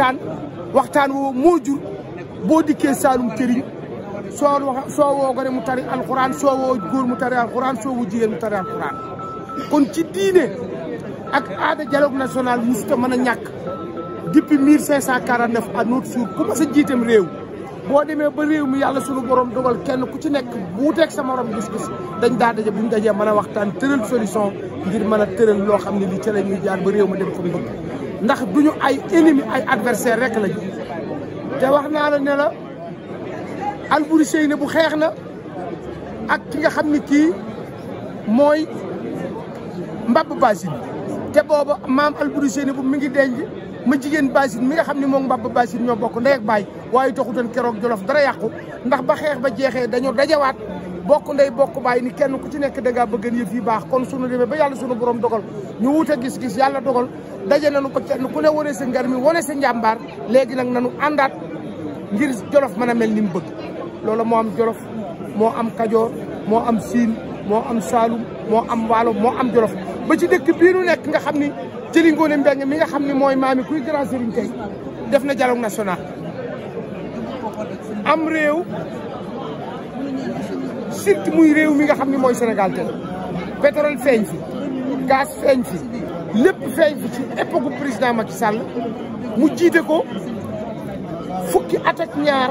waxtaan waxtaan woo moo jur boo dikkee Saalum Tëriñ soo wax soo woo mu tari alxuraan soo woo góor mu tari alxuraan soo woo jigéen mu tari alxuraan kon ci diine ak aada dialogue national musta mën a ñàkk depuis 1549 à notre jour ku ma sa jiitam réew boo demee ba réew mi yàlla nu borom dogal kenn ku ci nekk wuuteeg sama morom gis-gis dañ daa daje bu ñu dajee mën a waxtaan tëral solution ngir mën a tëral loo xam ne li ca la ñuy réew ma dem ndax duñu ay ennemi ay adversaire rek lañu te wax naa la ne la Alboury Seyne bu xeex na ak ki nga xam ni kii mooy mbabb basin te mam maam Alboury bu mi ngi denc ma jigéen basin mi nga xam ne moom mbabb basin ñoo bokk ndey ak baay waaye taxutoon keroog jolof dara yàqu ndax ba xeex ba jeexee dañoo dajawaat bokk ndey bokk baay ni kenn ku ci da kon sunu rebe ba borom dogal ñu wute gis-gis yalla dogal daje na ko kenn ku ne wane sa ngar mi wane sa njàmbaar léegi nag nanu àndaat ngir jolof mën a mel ni mu bëgg moo am jolof moo am kajoor moo am siin moo am saalum moo am waalo moo am jolof ba ci dëkk bii nu nekk nga xam ni jëli ngoone mbeng mi nga xam ni mooy maami kuy grand serigne tey def na dialogue national am réew surtout muy réew mi nga xam ni mooy Sénégal tey pétrole feeñ fi gaz feeñ fi lépp feeñ fi ci époque président Macky Sall mu jiite ko fukki at ñaar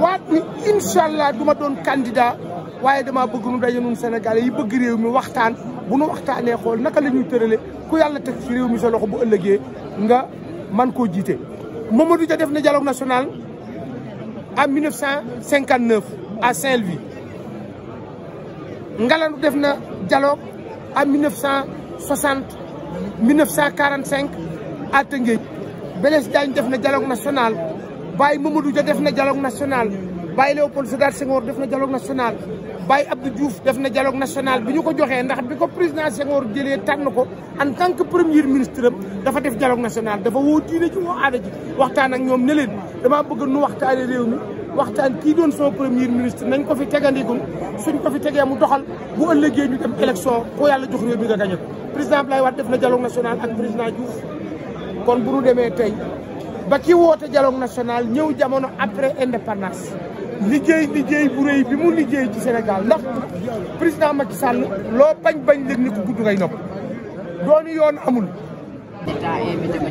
waat ni incha allah du ma doon candidat waaye dama bëgg nu daje nun Sénégalais yi bëgg réew mi waxtaan bu nu waxtaanee xool naka la ñuy tërale ku yàlla tek si réew mi sa loxo bu ëllëgee nga man koo jiite. Mamadou Dia def na dialogue national en 1959 à Saint-Louis Ngalandou def na dialogue en 60 1945 à Tëngéej Blaise Diagne def na dialogue national Baye Mamadou Dia def na dialogue national Baye Léopold Sédar Senghor def na dialogue national baay Abdou Diouf def na dialogue national bi ñu ko joxee ndax bi ko président Senghor jëlee tànn ko en tan que premier ministre dafa def dialogue national dafa woo diine ji woo aada waxtaan ak ñoom ne leen damaa bëgg nu waxtaane réew mi waxtaan kii doon son premier ministre nañ ko fi tegandigum suñ ko fi tegee mu doxal bu ëllëgee ñu dem élection ko yàlla jox réew mi nga gañe ko président Abdoulaye Wade def na dialogue national ak président Diouf kon bu ñu demee tey ba ki woote dialogue national ñëw jamono après indépendance liggéey liggéey bu rëy bi mu liggéey ci Sénégal ndax président Macky Sall loo bañ bañ leen ni ko gudd ngay nopp yoon amul. état invité ma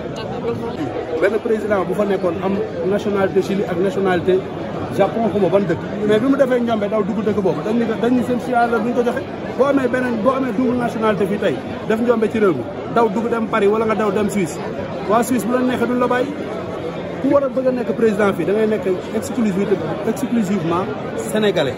benn président bu fa nekkoon am nationalité Chili ak nationalité Japon xuma ban dëkk mais bi mu defee njombe daw dugg dëkk boobu dañ dañ ñu seen siyaar la duñ ko joxe boo amee beneen boo amee double nationalité fii tey def njombe ci réew mi daw dugg dem Paris wala nga daw dem Suisse waa Suisse bu la neexee duñ la bàyyi ku war a bëgg a nekk président fii da ngay nekk exclusivité exclusivement sénégalais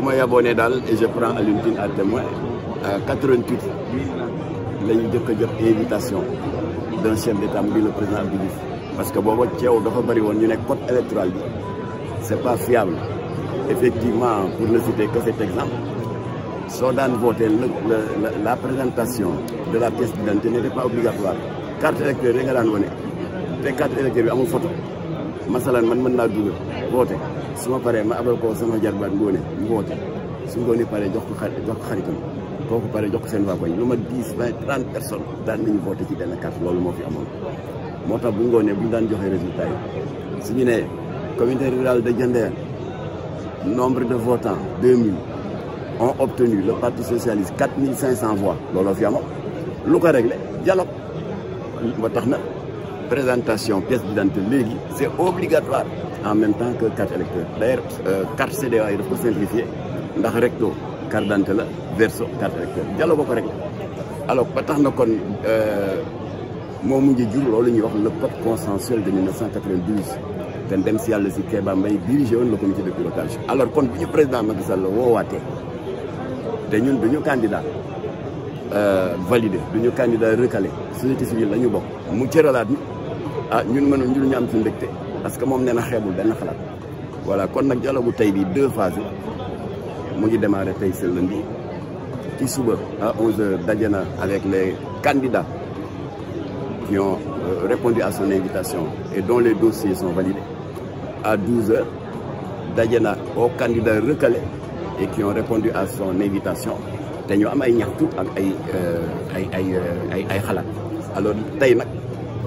Je abonné et je prends à à témoin à 88 la ñu invitation d'un chef d'état le président Abdou parce que si ceew dafa code électoral Ce c'est pas fiable effectivement pour ne citer que cet exemple la présentation de la pièce d'identité n'était pas obligatoire quatre électeurs regardez, nga Les quatre électeurs, photo masalan man man naa dugal woote su ma paree ma abal ko sama jarbaat ngoone mu woote su ngoone paree jox ko xar jox ko xaritam kooku paree jox ko seen waa koñ lu ma dix vingt trente personnes daan nañu woote ci benn carte loolu moo fi amoon. moo tax bu ngoonee bu ñu daan joxe résultat si su ñu nee communauté rurale de Diender nombre de votants deux mille ont obtenu le parti socialiste quatre mille cinq cent voix looloo fi amoon lu ko réglé dialogue ba tax na. présentation pièce d'identité c'est obligatoire en même temps que carte électeur d'ailleurs euh, carte CDA il faut ko ndax recto carte d'identité verso carte électeur jàlloo ko rek alors ba tax na kon euh, moo mujj jur loolu wax le code consensuel de 1992 te dem si yàlla si dirigé le comité de pilotage alors kon le président Macky Sall la de te ñun du ñu candidat euh, validé du ñu candidat recalé société civile la ñu bokk mu nous, ah, ñun mënu ñu am ci parce que nous sommes xébul ben xalat voilà kon nak dialogue tay bi deux phases mu ngi démarré tay ce lundi ci suba à 11h Dadiana, avec les candidats qui ont euh, répondu à son invitation et dont les dossiers sont validés à 12h Dadiana, na aux candidats recalés et qui ont répondu à son invitation dañu am ay ñaxtu ak ay euh, ay ay euh, ay alors tay nak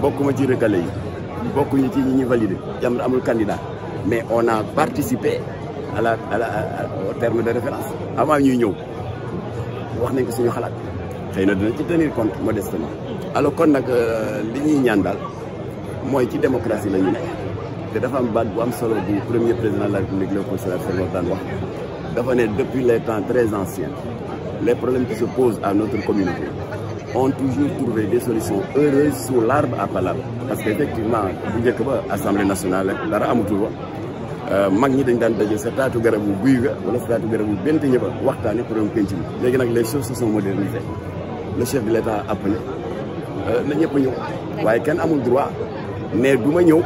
bokkuma ci recalé yi bokkuñu ci ñi ñuy validé am amul candidat mais on a participé à la à la au terme de référence avant ñuy ñëw wax de ko suñu xalaat xëy dina ci tenir compte modestement alors kon nag euh, li ñuy ñaan daal ci démocratie la ñu ne te dafa am le premier président de la république le Président de daan wax dafa depuis les temps très anciens les problèmes qui se posent à notre communauté ont toujours trouvé des solutions heureuses sous l'arbre à palabre parce qu'effectivement, effectivement bu assemblée nationale rek dara amatul wa euh, mag ñi dañ dan dajé sa taatu garabu buy ga wala statut taatu garabu bent ñi ba waxtaane problème penc mi léegi les choses se sont modernisées le chef de l'État état euh na ñëpp ñëw waye kenn amul droit mais du ma ñëw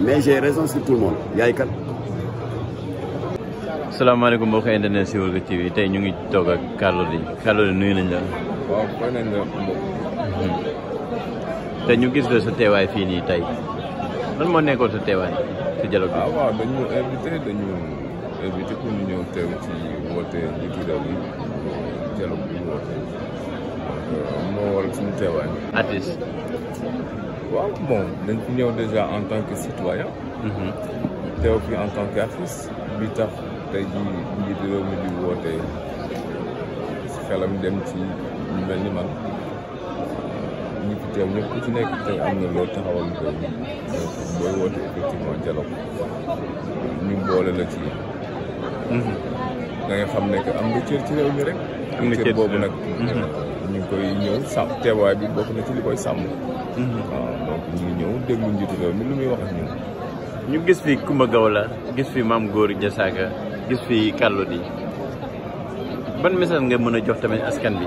mais j'ai raison sur tout le monde yaay kan salaamaaleykum mbokk internet si Siweulko TV tay ñu ngi toog ak Carlou D Carlou D nuyu nañ la waaw fay nañ la mbokk. te ñu gis de sa teewaay fii nii tey lan moo nekkoon sa teewaay ci dialogue bi. ah waaw dañu invité dañu invité pour ñu ñëw teew ci woote njiitu réew bi dialogue bi moo waral suñu teewaay. artiste. waaw bon dañ fi ñëw déjà en tant que citoyen. Mhm. teew fi en tant qu'artiste bi tax tey jii njiitu réew di woote xelam dem ci. ñu anu mel hmm. ni hmm. oh, hmm. ah, man ñi oh, fi ci nekk tey am na loo taxawal ko booy woote effectivement dialogue ñu boole la ci da nga xam ne am nga cër ci réew mi rek am na cër boobu nag ñu koy ñëw sàmm teewaay bi bokk na ci li koy donc ñu ngi ñëw déglu njiitu mi lu muy wax ak ñu gis fi Gawla gis fi gis fi di ban message nga jox askan bi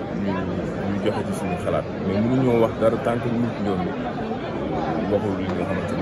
ñu ñu joxe ci suñu xalaat mais mënuñoo wax dara tant que nit ñooñu waxul li nga xamante